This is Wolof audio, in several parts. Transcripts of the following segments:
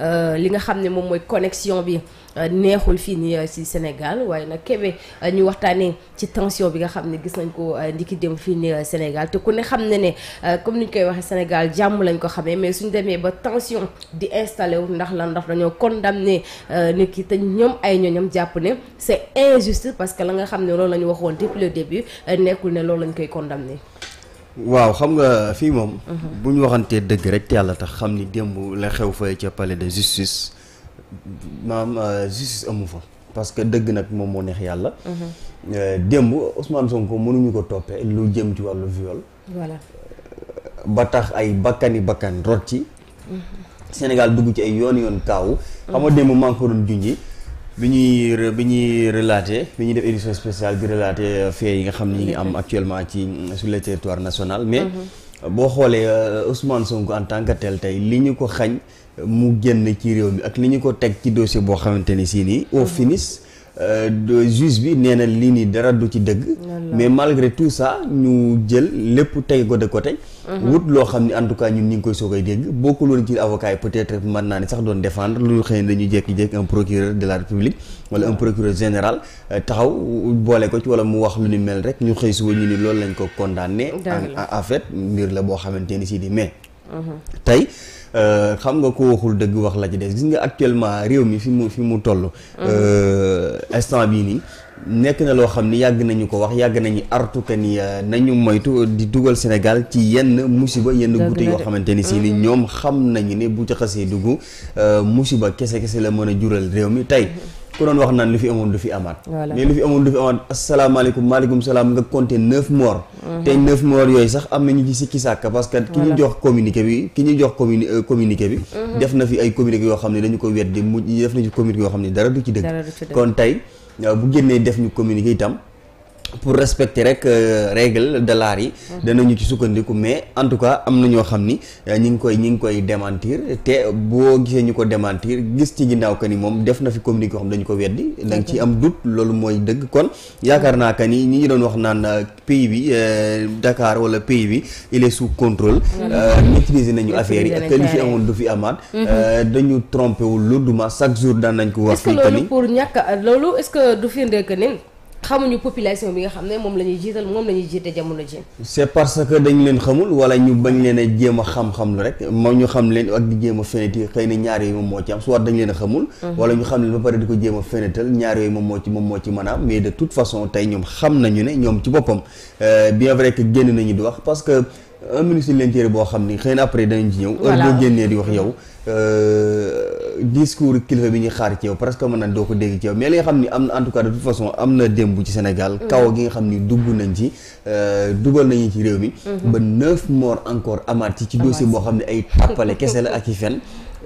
Euh, li nga xam ne moom mooy connexion bi euh, neexul fii nii euh, ci Sénégal waaye nag Kébé ñu waxtaanee ci tension bi nga xam ne gis nañ ko ndiki dem fii nii Sénégal te ku ne xam ne ne comme ni ñu koy waxee Sénégal jàmm lañ ko xamee mais suñ demee ba tension di installé wu ndax lan ndax dañoo condamné nit ki te ñoom ay ñoñam jàpp ne c'est injuste parce que la nga xam ne loolu la ñu waxoon depuis le début nekkul ne loolu lañ koy condamné. waaw xam nga fii moom. Mhm. bu ñu waxantee dëgg rek te yàlla tax xam ni démb la xew fa ca palais de justice maam euh, justice amu fa. parce que dëgg nag moom moo neex yàlla. Mhm. Euh, démb Ousmane Sonko mënuñu ko toppee lu jëm ci wàllu viol. Euh, ba tax ay bakkani bakkan rot ci. Mhm. Sénégal dugg ci ay yoon yoon kaaw. xam nga démb maa ko doon junji bi ñuy bi ñuy relaté bi ñu def édition spéciale bi relaté euh, fee yi nga xam ni ñu ngi am actuellement ci euh, sur le territoire national mais mhm. boo xoolee euh, Ousmane Sonko en tant que tel tey li ñu ko xañ mu génn ci réew bi ak li ñu ko teg ci dossier boo xamante ni si nii au mhm. finis juge bi nee na lii nii dara du ci dëgg mais malgré tout ça ñu jël lépp teg ko de côté Mmh. wut loo xam ne en tout cas ñun ñu ngi koy soogay dégg bokkul woon ci avocat yi peut-être mën naa ne sax doon défendre loolu xëy na dañuy jékki-jékki un procureur de la république wala un procureur général euh, taxaw boole ko ci wala mu wax lu ni mel rek ñu xëy suba ñu ni loolu lañ ko condamné en fait mbir la boo xamante ni si di mais mmh. tey euh, xam nga ko waxul dëgg wax la ci des di nga actuellement réew mi fi mu fi mu toll mmh. euh, instant bii nii nekk na loo xam ni yàgg nañu ko wax yàgg nañu artu que ni euh, nañu moytu di dugal Sénégal ci yenn musiba yenn guute yoo xamante ni sii ni mhm. ñoom xam nañu ni bu ci xasee dugg euh, musiba kese kese la mën a jural réew mi tey mhm. ku doon wax naan lu fi amoon du fi amaat mais lu fi amoon du fi amaat asalaamaaleykum maaleykum salaam nga compté neuf morts mhm. te neuf morts yooyu sax am nañu ci sikki sàkk parce ki ñu jox communiqué bi ki ñu jox communi euh, communiqué bi def na fi ay communiqué yoo xam ne dañu ko weddi mu def ci communiqué yoo xam ne dara du ci dëgg kon bu génnee def ñu communiqué itam pour respecter rek euh, règle de l'art yi danañu ci sukkandiku mais en tout cas am na ñoo xam ni euh, ñi ngi koy ñi ngi koy démentir te boo gisee ñu ko démentir gis ci ginnaaw que ni moom def na fi communiqué yoo dañu ko weddi da nga ci am doute loolu mooy dëgg kon yaakaar naa que ni ñi ngi doon wax naan euh, pays bi dakaar wala pays bi il est sous contrôle maîtriser nañu affaire yi que fi amoon du fi amaat mhm. dañu trompé wu lourdement chaque jour daan nañ ko wax que ni pour ñàkk loolu est du firndee xamuñu population bi nga xam ne moom la jiital moom la ñuy jiite jamono ji. c'est parce que dañ leen xamul wala ñu bañ leen a jéem a xam-xam lu rek moom ñu xam leen ak di jéem a fénéti xëy na ñaar yooyu moom moo ci am soit dañ leen a mhm. xam leen ba a fénétal ñaar yooyu moo moom moo ci mën a am mais de toute façon tey ñoom xam nañu ne ñoom ci boppam euh, bien vrai que génn nañu di wax parce que. un ministre de l'intérieur boo xam ni xëy na après danañ ci ñëw. heure boo génnee di wax yow. Euh, discours kilifa bi ñuy xaar ci yow presque mën na doo ko dégg ci yow mais nga xam ni am na en tout cas de démb ci Sénégal. Mm. kaw gi nga xam ni dugg nañ ci euh, dugal nañu ci réew mi. Mm-hmm. ba neuf morts encore amaat ci ci dossier boo xam ne ay tàppale kese la ak i fen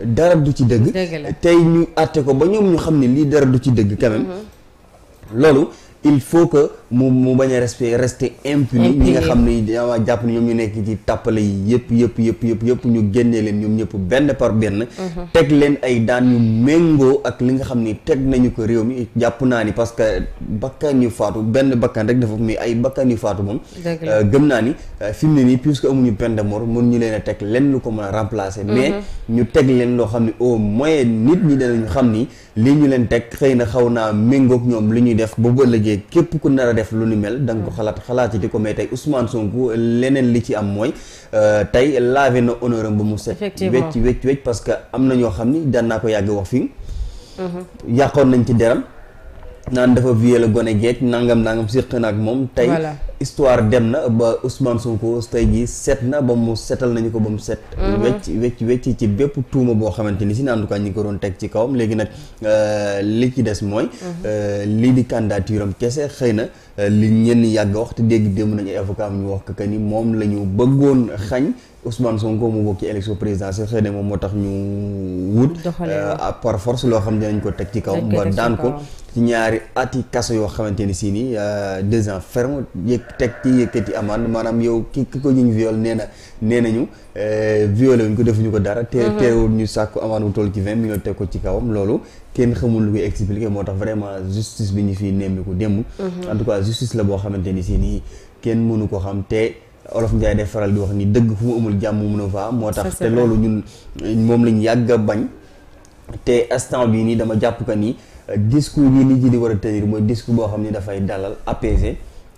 dara du ci dëgg. tey ñu àtte ko ba ñoom ñu xam ne lii dara du ci dégg quand même. Mm-hmm. loolu il faut que. mu mu bañ a respect rester impuni ñi nga xam ne dama jàpp ne ñu nekk ci tàppale yi yëpp yëpp yëpp yëpp ñu génnee leen ñoom ñëpp benn par benn mhm. teg leen ay daan yu méngoo ak li nga xam ni teg nañu ko réew mi jàpp naa ni parce que bakkan yu faatu benn bakkan rek dafa mais ay bakkan yu faatu moom euh, gëm naa ni euh, fi ne nii puisque amuñu peine de mort mën ñu leen a teg lenn lu ko mën a remplacer mhm. mais ñu teg leen loo xam ne au moins nit ñi danañu xam ni li ñu leen teg xëy na xaw naa méngoog ñoom li ñuy def def lu ni mel da nga ko xalaat xalaatati ko mais tey Ousmane Sonko leneen li ci am mooy euh, tey laave na honneur am ba mu set wecc wecc wecc parce que am na ñoo xam ni daan naa ko yàgg wax fii mhm. yàqoon nañ ci deram naan dafa viole gone geek nangam nangam siq na ak moom tey histoire dem na ba Ousmane Sonko tey jii seet na ba mu setal nañu ko ba mu set mhm. wecc wecc wecc ci bépp tuuma boo xamante ni si en tout cas ñi ko doon teg ci kawam léegi nag euh, li ci des mooy mhm. euh, lii di candidature am kese xëy na euh, li ñenn yàgg wax te dégg démb nañu ay am ñu wax que ni moom la ñu bëggoon xañ Ousmane Sonko mu bokk ci élection présidentielle xëy na moom moo tax ñu wut euh, par force loo xam ne dañ ko teg ci kaw ba daan ko ci ñaari ati kaso yoo xamante ni si nii euh, deux ans ferme yëg teg ci yëkkati amande maanaam yow ki ki ko ñu viol nee na nee nañu euh, violé wuñ ko defuñu ko dara te mhm. teewul ñu sàkku amande bu toll ci vingt millions teg ko ci kawam loolu kenn xamul lu koy expliquer moo tax vraiment justice bi ñu fi nemmiku démb mhm. en tout cas justice la boo xamante olof Ndiaye day faral di wax ni dëgg fu mu amul jàmm mu moo tax te loolu ñun moom lañ yàgg a bañ te instant bii nii dama jàpp que ni euh, discours yi nit di war a tenir mooy discours boo xam ni dafay dalal apaiser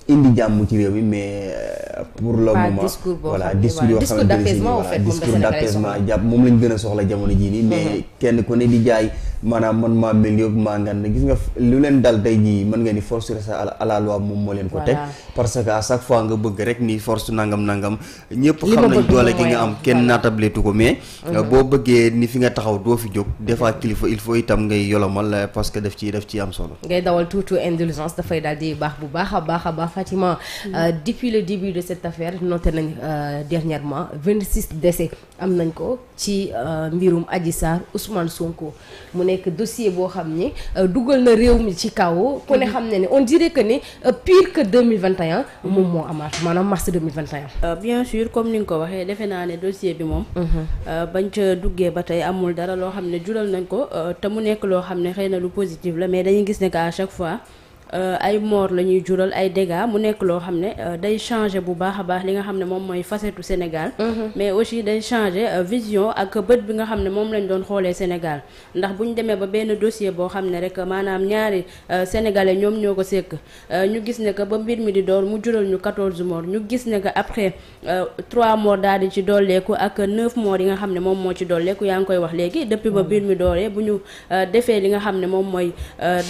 indi jàmm ci réew mi mais euh, pour le moment voilà discours yoo xamante ne discours d'apaisement jàpp moom lañ gën a soxla jamono jii nii mais mm-hmm. kenn ku ne di jaay maanaam man maa mel yëpp maa ngan gis nga lu leen dal tey jii mën nga ni force reste à la loi moom moo leen ko teg parce que à chaque fois nga bëgg rek ni force nangam nangam ñëpp xam nañ doole gi nga am kenn naatabletu ko mais euh, boo bëggee ni fi nga taxaw doo fi jóg des fois kilifa il faut itam ngay yolomal euh, parce que daf ci daf ci am solo ngay dawal tuutu indulgence dafay daal di baax bu baax a baax a baax Fatima mm. euh, depuis le début de cette affaire noté nañ dernièrement 26 décès am nañ ko ci mbirum Adji Sarr Ousmane Sonko mu nekk dossier boo xam ni euh, dugal na réew mi ci kaw ku ne mhm. xam ne ne on dirait que ni euh, pire que 2021 mhm. moom moo amaat maanaam mars 2021 euh, bien sûr comme ni nga ko waxee defe naa ne dossier bi moom mhm. bañ ca duggee ba tey amul dara loo xam ne jural nañ ko te mu nekk loo xam ne xëy na lu positif la mais dañu gis ne que à chaque fois Euh, ay mort la ñuy jural ay dégâts mu nekk loo xam ne euh, day changer bu baax a baax li nga xam ne moom mooy facette Sénégal mhm. mais aussi day changer euh, vision ak bët bi nga xam ne moom lañ doon xoolee Sénégal ndax bu ñu demee ba benn dossier boo xam ne rek maanaam ñaari sénégalais ñoom ñoo ko sekk ñu gis ne que ba mbir mi di door mu jural ñu 14 morts ñu gis ne que après 3 morts daal di ci dolleeku ak 9 morts yi nga xam ne moom moo ci dolleeku yaa ngi koy wax léegi depuis ba mhm. mbir mi dooree bu ñu defee li nga xam ne moom mooy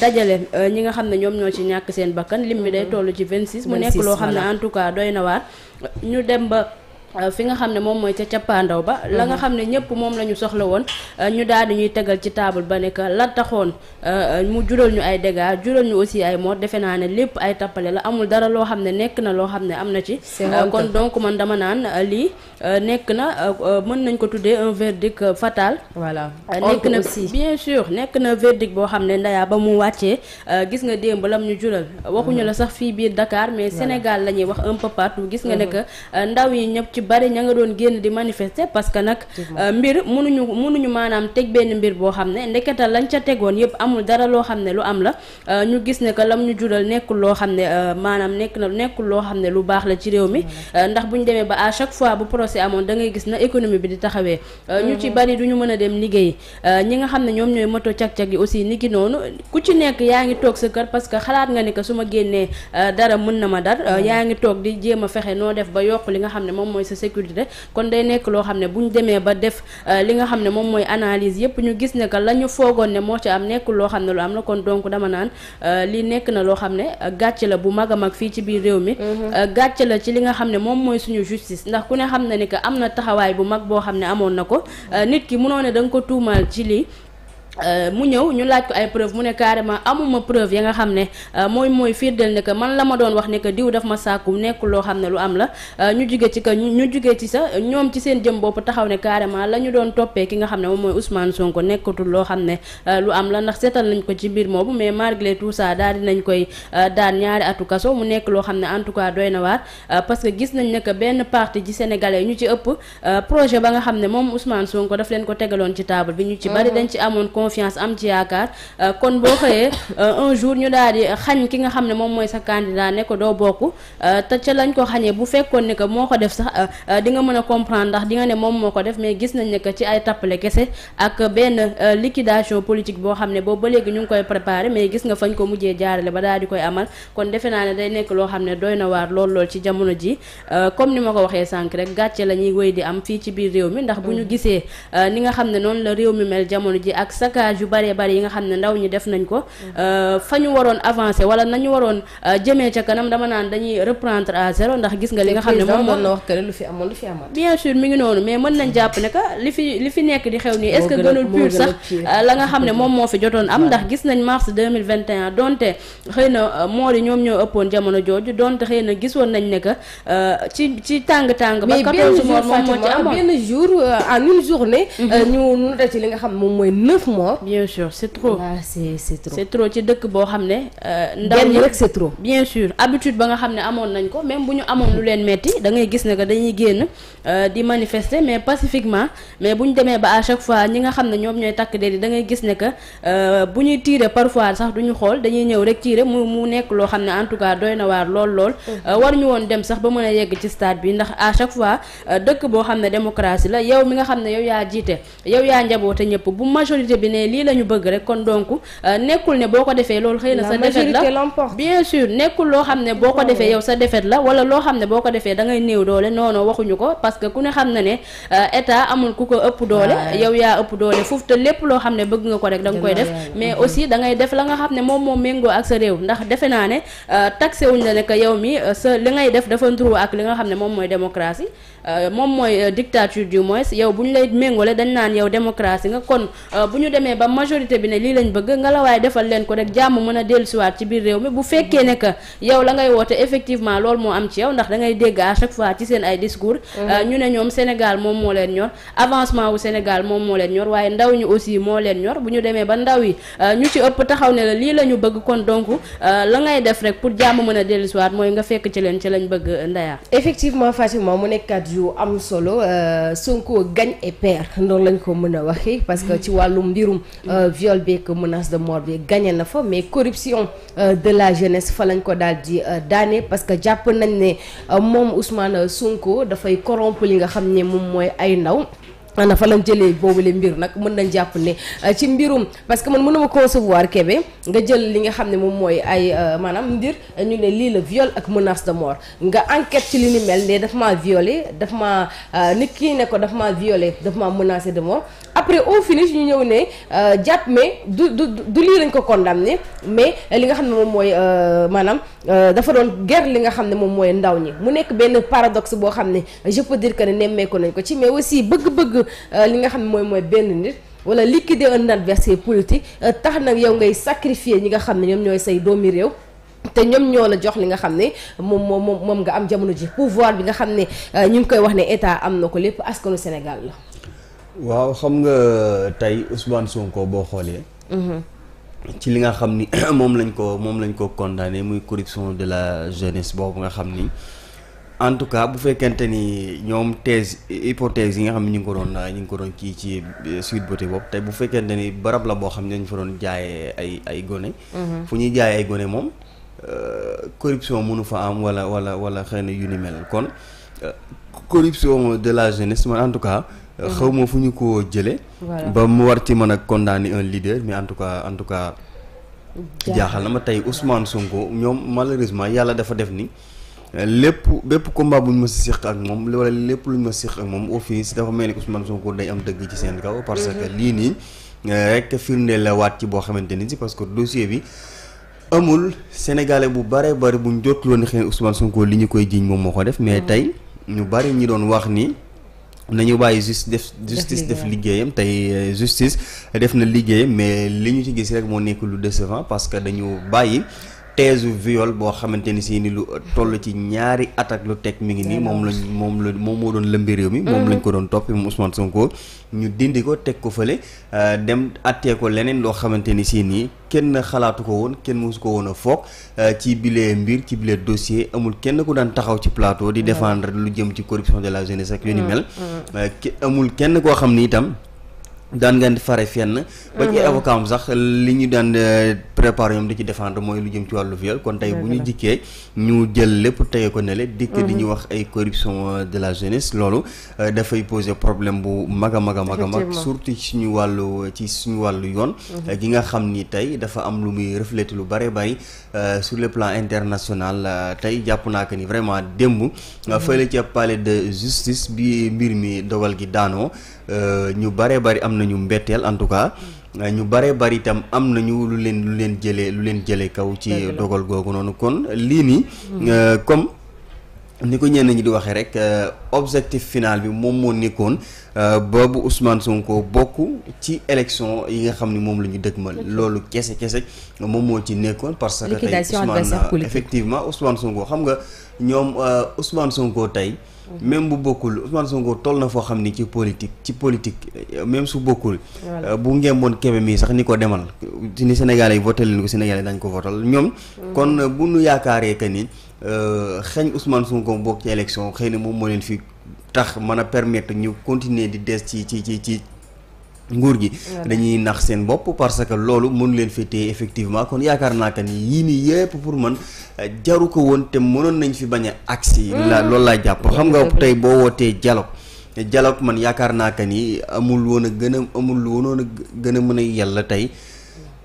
dajale ñi nga xam ne ñoom ñoo ñoo ci ñàkk seen bakkan lim mi day mm-hmm. toll ci 26 mu nekk loo xam ne en doy na waar ñu dem ba Euh, fi nga xam ne moom mooy ca cappaandaw ba la nga mhm. xam ne ñëpp moom la ñu soxla woon euh, ñu daal di ñuy tegal ci taabal ba ne que la taxoon euh, mu jural ñu ay dégâts jural ñu aussi ay mort defe naa ne lépp ay tappale la amul dara loo xam ne nekk na loo xam ne am na ci kon donc man dama naan lii nekk na mën nañ ko tuddee un verdict fatal voilà nekk na bien sûr nekk na verdict boo xam ne ndayaa ba mu wàccee gis nga démb lam ñu jural waxuñu mhm. la sax fi biir Dakar mais Sénégal la bari ña nga doon génn di manifester parce que nag euh, mbir mënuñu mënuñu maanaam teg benn mbir boo xam ne ndeketal lañ ca tegoon yëpp amul dara loo xam ne lu am la euh, ñu gis ne que lam ñu jural nekkul loo xam ne euh, maanaam nekk na nekkul loo xam ne lu baax la ci réew mi ndax ñu demee ba à chaque fois bu procès amoon da ngay gis na économie bi di taxawee ñu ci mm-hmm. bari ñu mën a dem liggéey ñi nga xam ne ñoom ñooy moto cag-cag yi aussi ni ki noonu ku ci nekk yaa ngi toog sa kër parce que xalaat nga ne que su ma génnee dara mën na ma dar mm-hmm. yaa ngi toog di jéem a fexe noo def ba yokk li nga xam ne moom mooy sa sécurité kon day nekk loo xam ne bu ñu demee ba def euh, li nga xam ne moom mooy analyse yëpp ñu gis ne que la ñu foogoon ne moo ci am nekkul loo xam ne lu am la kon donc dama naan euh, li nekk na loo xam ne euh, gàcc la bu mag a mag fii ci biir réew mi mm-hmm. gàcce la ci li nga xam ne moom mooy suñu justice ndax ku ne xam na ni que am na taxawaay bu mag boo xam ne amoon na ko mm-hmm. nit ki mënoo ne da ko tuumaal ci lii Euh, mu ñëw ñu laaj ko ay preuve mu ne carrément amuma preuve ya nga xam ne euh, mooy mooy la ma doon wax ne que diw daf ma sàkku nekk loo xam ne lu am la euh, ñu jugee ñoom ci seen jëm bopp taxaw ne carrément la ñu doon toppee ki nga xam ne moom mooy Ousmane Sonko nekkatul loo xam ne lu am la ndax seetal nañ ko ci mbir moomu mais malgré tout ça daal di nañ koy daan ñaari atu kaso mu nekk loo xam ne en tout cas doy na waar parce que gis nañ ne que benn parti ci ñu ci ëpp projet ba nga xam ne moom Ousmane Sonko daf leen ko tegaloon ci table bi ñu ci bari mm-hmm. dañ ci amoon confiance am ci euh, euh, di xañ ki ko doo bokk euh, te a comprendre ndax di ne moom moo ko def mais gis nañ ne ñu ko mujjee jaarale ba daal di koy amal kon defe naa ne day nekk loo xam ne doy na waar lool lool ci jamono ji comme ni ma ko waxee sànq rek gàcce la ñuy di am fii ci biir réew mi ndax bu ñu gisee ni nga xam ne noonu la réew mi mel jamono ji ak saccage yu bëree bëri yi nga xam ne ndaw ñi def nañ ko euh, fa ñu waroon avancé wala nañu waroon euh, jëmee ca kanam dama naan dañuy reprendre à zéro ndax gis nga li nga xam ne moom moo fi jotoon am ndax gis nañ mars 2021 donte xëy na euh, moor yi ñoom ñoo ëppoon jamono jooju donte xëy na gis nañ ne ci ci tàng-tàng ba 14 mois moom moo ci amoon morts. bien sûr c'est trop waaw c'est c'est ci dëkk boo xam ne. Euh, ndaw ñi rek ba nga xam ne amoon nañ ko même bu ñu amoon lu leen metti da ngay gis ne que dañuy génn euh, di manifester mais pacifiquement mais bu ñu demee ba à chaque fois ñi nga xam ne ñoom ñooy takk déedéet da ngay gis ne que euh, bu ñuy tirer parfois sax du ñu xool dañuy ñëw rek tirer mu mu nekk loo xam ne en tout cas doy na waar lool lool. Mm-hmm. war ñu woon dem sax ba mën a yegg ci stade bi ndax à chaque fois dëkk boo xam ne démocratie la yow mi nga xam ne yow yaa di ne lii la ñu bëgg rek kon donc euh, nekkul ne boo ko defee loolu xëy na sa défaite la bien sûr nekkul loo xam ne boo ko defee yow sa defet la wala loo xam ne boo ko defee da néew doole non waxuñu ko parce que ku ne xam na ne euh, état amul ku ko ëpp doole yow yaa ëpp doole foofu te lépp loo xam ne bëgg nga ko rek danga koy def mais aussi da ngay def la nga xam ne moom moom méngoo ak sa réew ndax defe naa ne euh, taxé wuñ la nekk que yow mi sa li ngay def dafa nduru ak li nga xam ne moom mooy démocratie Euh, moom mooy euh, dictature du moins yow bu ñu lay méngale dañ naan yow démocratie nga kon euh, bu ñu demee ba majorité bi ne lii lañ bëgg nga la waaye defal leen ko rek jàmm mën a dellusiwaat ci biir réew mi bu ne que yow la ngay woote effectivement loolu moo am ci yow ndax da ngay dégg à chaque fois ci seen ay mmh. ñu ne ñoom Sénégal moom moo leen ñor avancement wu Sénégal moom moo leen ñor waaye ndaw ñi aussi moo leen ñor bu ñu demee ba ndaw yi ñu ci ëpp taxaw ne la lii la ñu bëgg kon donc la ngay def rek pour jàmm mën a dellusiwaat mooy nga fekk ci leen ci lañ bëgg ndayaa yu am solo euh, Sonko gagne et perd noonu lañ ko mën a waxee parce que ci wàllum mbirum euh, viol beeg menace de mort bi gagné na fa mais corruption euh, de la jeunesse fa lañ ko daal di daane parce que jàpp nañ ne moom Ousmane Sonko dafay corrompre li nga xam ne moom mooy ay ndaw ma fa lañ jëlee boobule mbir nag mën nañ jàpp ne euh, ci mbirum parce que man mënuma concevoir Kébé nga jël li nga xam ne moom mooy ay euh, maanaam mbir ñu ne lii la viol ak menace de mort nga enquête ci li ni mel ne daf maa violé daf maa euh, nit kii ne ko daf maa violé daf maa menacé de mort après au finish ñu ñëw ne jàpp mais du du du lii lañ ko mais li nga xam ne moom mooy maanaam dafa doon guerre li nga xam ne moom mooy ndaw ñi mu nekk benn paradoxe boo xam ne je dire que ne nemmeeku nañ ko ci mais aussi bëgg-bëgg Euh, li nga xam ne mooy mooy benn nit wala liquider un adversaire politique euh, tax nag yow ngay sacrifier ñi nga xam ne ñoom ñooy say doomi réew te ñoom ñoo la jox li nga xam ne moom moom moom nga am jamono ji pouvoir bi nga xam ne euh, ñu ngi koy wax ne état am na ko lépp askanu Sénégal waaw xam nga tey Ousmane Sonko boo xoolee. Mhm. li nga xam ni moom lañ ko moom lañ ko condamné muy corruption de la jeunesse boobu nga xam ni. en tout cas bu fekkente ni ñoom thèse hypothèse yi nga xam ne ñu ngi ko doon ñu ngi ko doon kii ci euh, Sweet Beauté bopp te bu fekkente ni barab la boo xam ne dañu fa doon jaayee ay ay gone. Mhm. fu ñuy jaaye ay gone moom euh, corruption mënu fa am wala wala wala xëy na yu ni mel kon euh, corruption de la jeunesse man en tout cas. Mhm. xaw ma fu ñu ko jëlee. ba mu war ci mën a condamner un leader mais en tout cas en cas. jaaxal na ma tey Ousmane Sonko ñoom malheureusement yàlla dafa def nii lépp bépp combat bu ñu ma siq ak moom wala lépp lu ñu ma siq ak moom office dafa mel ni Ousmane Sonko day am dëgg ci seen kaw. parce que mhm. lii nii eh, rek firnde la waat ci boo xamante ni si parce que dossier bi amul sénégalais bu bare bari bu ñu jotuloon xëy Ousmane Sonko li ñu koy jiiñ moom moo ko def. mais mhm. tey ñu bari ñi doon wax ni. nañu bàyyi justice def justice def liggéeyam tey eh, justice def na liggéeyam mais li ñu ci gis rek moo nekk lu décevant parce que dañu bàyyi. teesu viol boo xamante ni si ni lu toll ci ñaari at ak lu teg mi ngi nii moom lañ moom la moom moo doon lëmbi réew mi moom lañ ko doon toppi moom Ousmane Sonko ñu dindi ko teg ko fële euh, dem attee ko leneen loo xamante ni si nii kenn xalaatu ko woon kenn mosu ko woon a foog euh, ci bile mbir ci bile dossier amul kenn ku daan taxaw ci plateau di défendre lu jëm ci corruption de la jeunesse ak yu ni mm, mel mm. Euh, amul kenn koo xam ni itam daan ngeen di fare fenn. ba ci mhm. avocat sax li ñu daan euh, préparé ñoom di ci défendre mooy lu jëm ci wàllu viol kon tey bu ñu jikkee ñu jël lépp teye ko nele dikk di mhm. ñu wax ay corruption euh, de la jeunes loolu euh, dafay poser problème bu mag a mag a mag a mag surtout suñu wàllu ci suñu wàllu yoon gi mhm. nga xam ni tey dafa am lu muy refléter lu bare bari sur le plan international tey jàpp naa que ni vraiment démb fële ca pale de justice bi mbir mi dogal gi daanoo Euh, ñu bare bari am nañu mbetteel en tout cas euh, ñu bare bari itam am ñu lu leen lu leen jëlee lu leen jëlee kaw ci dogal googu noonu kon lii nii mm. euh, comme ni ko ñenn ñi di waxee rek objectif final bi moom moo nekkoon boobu Ousmane Sonko bokk ci élection yi nga xam ni moom la ñu dëgmal loolu kese kese moom moo ci nekkoon parce que tey Ousmane effectivement Ousmane Sonko xam nga ñoom Ousmane Sonko tey Mhm. même bu bokkul Ousmane Sonko toll na foo xam ni ci politique ci politique euh, même su bokkul. Euh, bu ngémboon Kébé mii sax ni ko demal ni Sénégalais yi voté leen dañ ko votal ñoom. Mhm. kon euh, bu nu yaakaaree que ni xëñ Ousmane Sonko bokk ci élection xëy na moom moo leen fi tax mën a permettre ñu continuer di des ci ci ci ci. nguur gi dañuy nax seen bopp parce que loolu mënu leen féetee effectivement kon yaakaar naa que ni yii nii yëpp pour man euh, jaru ko woon te mënoon nañ fi bañ a agsi mm. la loolu laa jàpp xam nga tey boo wootee dialogue dialogue man yaakaar naa que ni amul woon a gën a amul woon a gën a mën a yàlla tey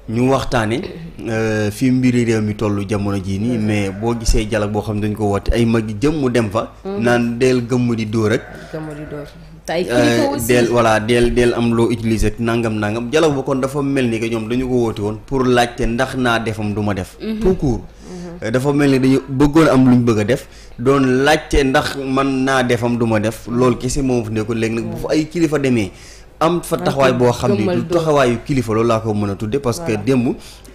ñu waxtaane euh, fi mbiri réew mi toll jamono jii nii mm. mais boo gisee dialogue boo xam ne dañ ko woote ay mag jëm mu dem fa mm. naan deel gëmm di dóor rek tay eh, deel voilà deel deel am loo utiliser nangam nangam dialogue ba kon dafa mel ni que ñoom dañu ko woote woon pour laajte ndax naa defam du ma def mhm. tout court mhm. eh, dafa mel ni dañu bëggoon am lu luñ bëgg a def doon laajte ndax man naa defam du ma def loolu kese moom fu ko léegi nag bu fa ay kilifa demee am fa taxawaay boo xam ne du taxawaayu kilifa loolu laa ko mën a tudde parce que démb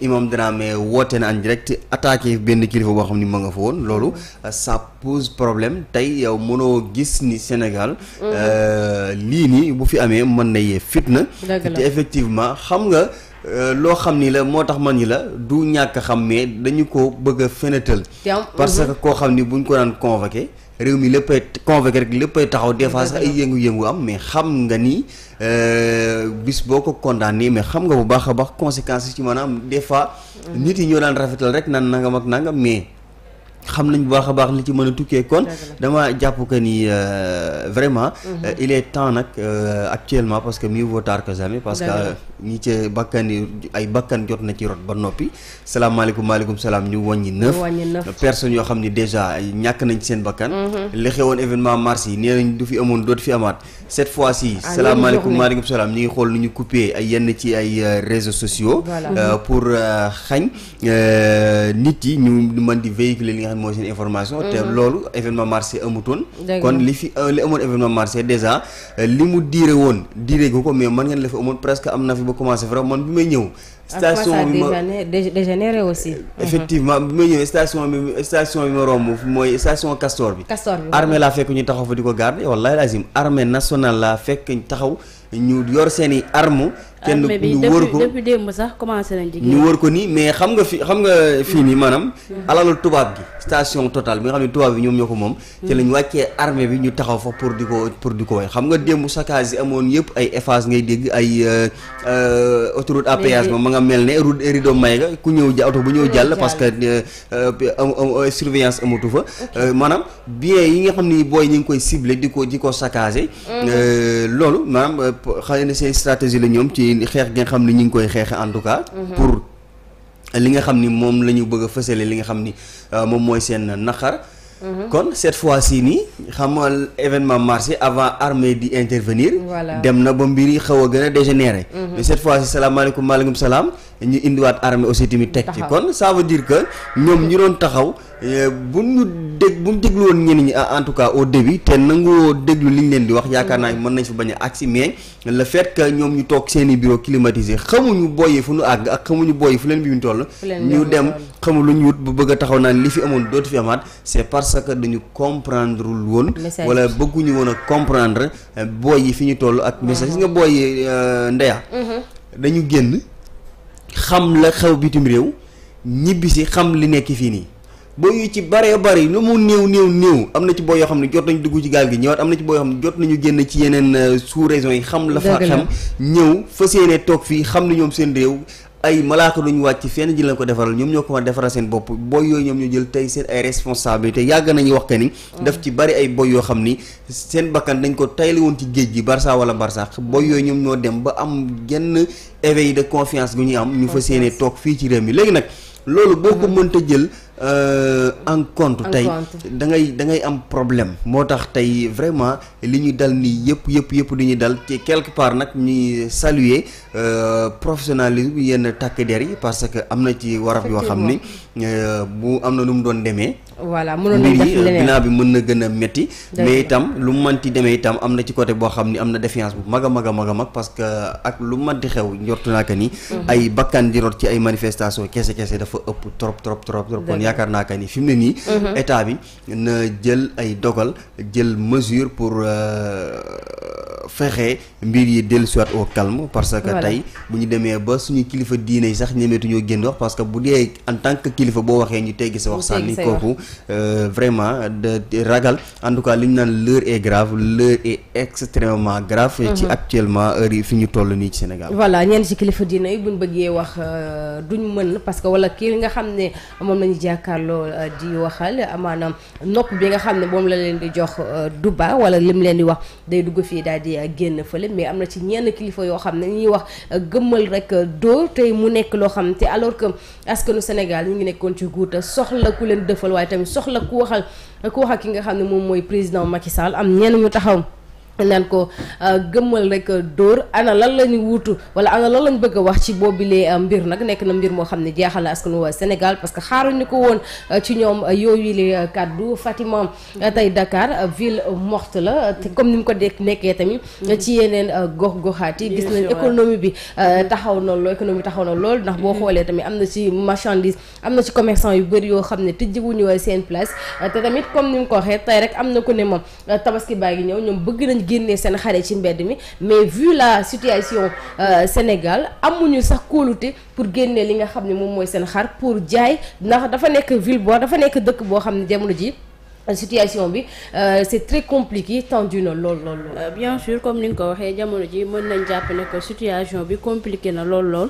imam Dramé woote na en direct attaqué benn kilifa boo xam ni ma nga fa woon loolu sa mm-hmm. euh, pose problème tey yow mënoo gis ni Sénégal mm-hmm. euh, lii nii bu fi amee mën na yee fitna te effectivement xam nga euh, loo xam ni la moo tax man ni la du ñàkk xam mais dañu ko bëgg a fenetal parce mm-hmm. que koo xam ni buñ ko daan convoqué réew mi léppay convoqué rek léppay taxaw des fois sax ay yëngu-yëngu am mais xam nga ni euh, bis boo ko condamné mais xam nga bu baax a baax conséquences yi ci maanaam des fois. Mm-hmm. nit yi ñoo daan rafetal rek nan nangam ak nangam mais. xam nañ bu baax a baax li ci mën a tukkee kon dama jàpp que ni euh, vraiment mhm. euh, il est temps nag euh, actuellement parce que mieux vaut tard que jamais parce que ñi ci bakkan yi ay bakkan jot na ci rot ba noppi salaamaaleykum maaleykum salaam ñu wàññi neuf personne yoo xam ni déjà ñàkk nañ ci seen bakkan mhm. li xewoon événement mars yi nee nañ du fi amoon dootu fi amaat cette fois ci ah, salaamaaleykum maaleykum salaam ñu ngi xool nu ñu coupé ay yenn ci ay réseaux sociaux pour xañ nit yi ñu mën di véhiculer mooy seen information. te mhm. loolu événement marché amutoon. kon li fi euh, li amoon événement marché déjà euh, li mu diire woon diire gu ko mais man ngeen la fi amoon presque am na fi ba commencé fara man bi may ñëw. station bi ma dégénéré aussi. Euh, effectivement bi ma romb mooy station Castor bi. Castor bi armée laa fekk ñu taxaw fa di ko garder wallaahi lazim armée nationale laa fekk taxaw ñu yor seen i kenn ah, ñu wër ko depuis démb sax commencé nañ ci ko nii mais xam nga fi xam nga fii nii maanaam alalul tubaab gi station Total bi nga xam ne tubaab bi ñoom ñoo ko moom ci lañ wàccee armée bi ñu taxaw fa pour di ko pour di ko way xam nga démb saccage yi amoon yëpp ay Eiffage ngay dégg ay euh, euh, autoroute à péage ma nga mel ne route rideau may ga ku ñëw ja oto bu ñëw jàll parce que euh, surveillance amatu fa maanaam bien yi nga xam ni booy ñu ngi koy ciblé di ko di ko saccagé mm-hmm. loolu maanaam xëy na seen stratégie la ñoom ci mooy xeex nga xam ni ñu ngi koy xeexe en tout cas mhm. pour li nga xam ni moom la ñu bëgg a fësale li nga xam ni euh, moom mooy seen naqar mhm. kon cette fois si nii xam événement marché avant armée di intervenir dem na ba mbiri xaw a gën a dégénérer mhm. mais cette fois ci salaamaaleykum maaleykum salaam ñu indiwaat armée aussi tamit teg ci kon ça veut dire que ñoom ñu doon taxaw eh, bu ñu dég bu ñu déglu woon ñenn ñi ah, en tout cas au début te nanguwoo déglu li ñu leen di wax yaakaar naa mën nañ fa bañ ak agsi mais le fait que ñoom ñu toog seen i bureau climatisé xamuñu yi fu ñu àgg ak xamuñu booyi fu leen bi ñu toll ñu dem xamu lu ñu wut bu bëgg a taxaw naan li fi amoon dootu fi amaat c'est parce que dañu comprendre woon wala bëgguñu woon a comprendre eh, booy yi fi ñu toll ak message nga booy yi eh, ndeya mm-hmm. dañu génn xam la xew bitim réew ñibbisi xam li nekk fii nii boo yu ci bare bari lu mu néew néew néew am na ci boo yoo xam ne jot nañu dugg ci gaal gi ñëwaat am na ci boo yoo xam ne jot nañu génn ci yeneen euh, sous raison yi xam la fa xam ñëw fas yéene toog fii xam ne ñoom seen réew ay malaaka lu ñu wàcc fenn ji lañ ko defaral ñoom ñoo ko war defaral seen bopp boy yooyu ñoom ñu jël tey seen ay responsabilité yàgg nañu wax que ni mm. daf ci bari ay boy yoo xam ni seen bakkan dañ ko tayli woon ci géej gi Barça wala Barsax boy yooyu ñoom ñoo dem ba am genn éveil de confiance gu ñu am ñu fa séenee toog fii ci réew mi léegi nag loolu boo ko mm. mënta jël euh, en compte tey da ngay da ngay am problème moo tax tey vraiment li ñu dal nii yëpp yëpp yëpp di ñu dal ci quelque part nag ñuy saluer Euh, professionnalisme yenn takk der yi parce que am na ci waraf yoo xam ni euh, bu am na lu mu doon demee. voilà mënoon nañ bi mën na gën a métti. mais itam lu mu manti demee itam am na ci côté boo xam ni am na défiance bu mag a mag a mag parce que ak lu manti xew njortu naa que ni. Mhm. ay bakkan di ci ay manifestation kese kese dafa ëpp trop trop trop trop. kon yaakaar naa que ni fi ne nii. Mhm. état bi na jël ay dogal jël mesure pour euh, fexe mbir yi dellusiwaat au calme parce que. ba tey bu ñu demee ba suñu kilifa diine yi sax ñemeetuñoo génn wax parce bu dee en tant que kilifa boo waxee ñu teggi sa wax sànni euh, kooku vraiment de ragal en tout cas li ñu naan l'heure est grave l'heure est extrêmement grave ci mhm. actuellement heure fi ñu toll nii ci Sénégal voilà ñenn ci kilifa diine yi buñ bëggee wax du euh, duñ mën parce que wala kii nga xam ne moom lañu jàkkaarloo euh, di waxal maanaam nopp bi nga xam ne moom la leen di jox du ba lim leen di wax day dugg fii daal di génn fële gëmmal rek euh, doo tey mu nekk loo xam te alors que askanu Sénégal ñu ngi nekkoon ci guuta soxla ku leen dëfal waaye tamit soxla ku waxal ku wax ak ki nga xam ne moom mooy président Macky Sall am ñenn ñu taxaw. naan ko euh, gëmmal rek euh, dóor ana lan la ñu wuutu wala ana lan lañ bëgg a wax ci boobilee euh, mbir nag nekk na mbir moo xam ne jeexal na askan waa Sénégal parce que xaaruñu ko woon ci ñoom yooyu li kàddu Fatima tey Dakar ville morte la te comme ni mu ko dek nekkee tamit ci yeneen gox-goxaat yi gis nañ économie bi mm-hmm. taxaw na lool taxaw na lool ndax boo mm-hmm. xoolee tamit am na ci marchandise am na ci commerçant yu bëri yoo xam ne tëjjiwuñu seen place te tamit comme ni mu ko waxee tey rek am na ko ne moom tabaski baa ñëw ñoom bëgg nañ génnee seen xare ci mbedd mi mais vu la situation euh, Sénégal amuñu sax kóolute pour génnee li nga xam ne moom mooy seen xar pour jaay ndax dafa nekk ville boo dafa nekk dëkk boo xam ne jamono ji euh, situation bi euh, c'est très compliqué tendu na lool lool. Euh, bien sûr comme ni nga ko waxee jamono ji mën nañ jàpp ne situation bi compliqué na lool lool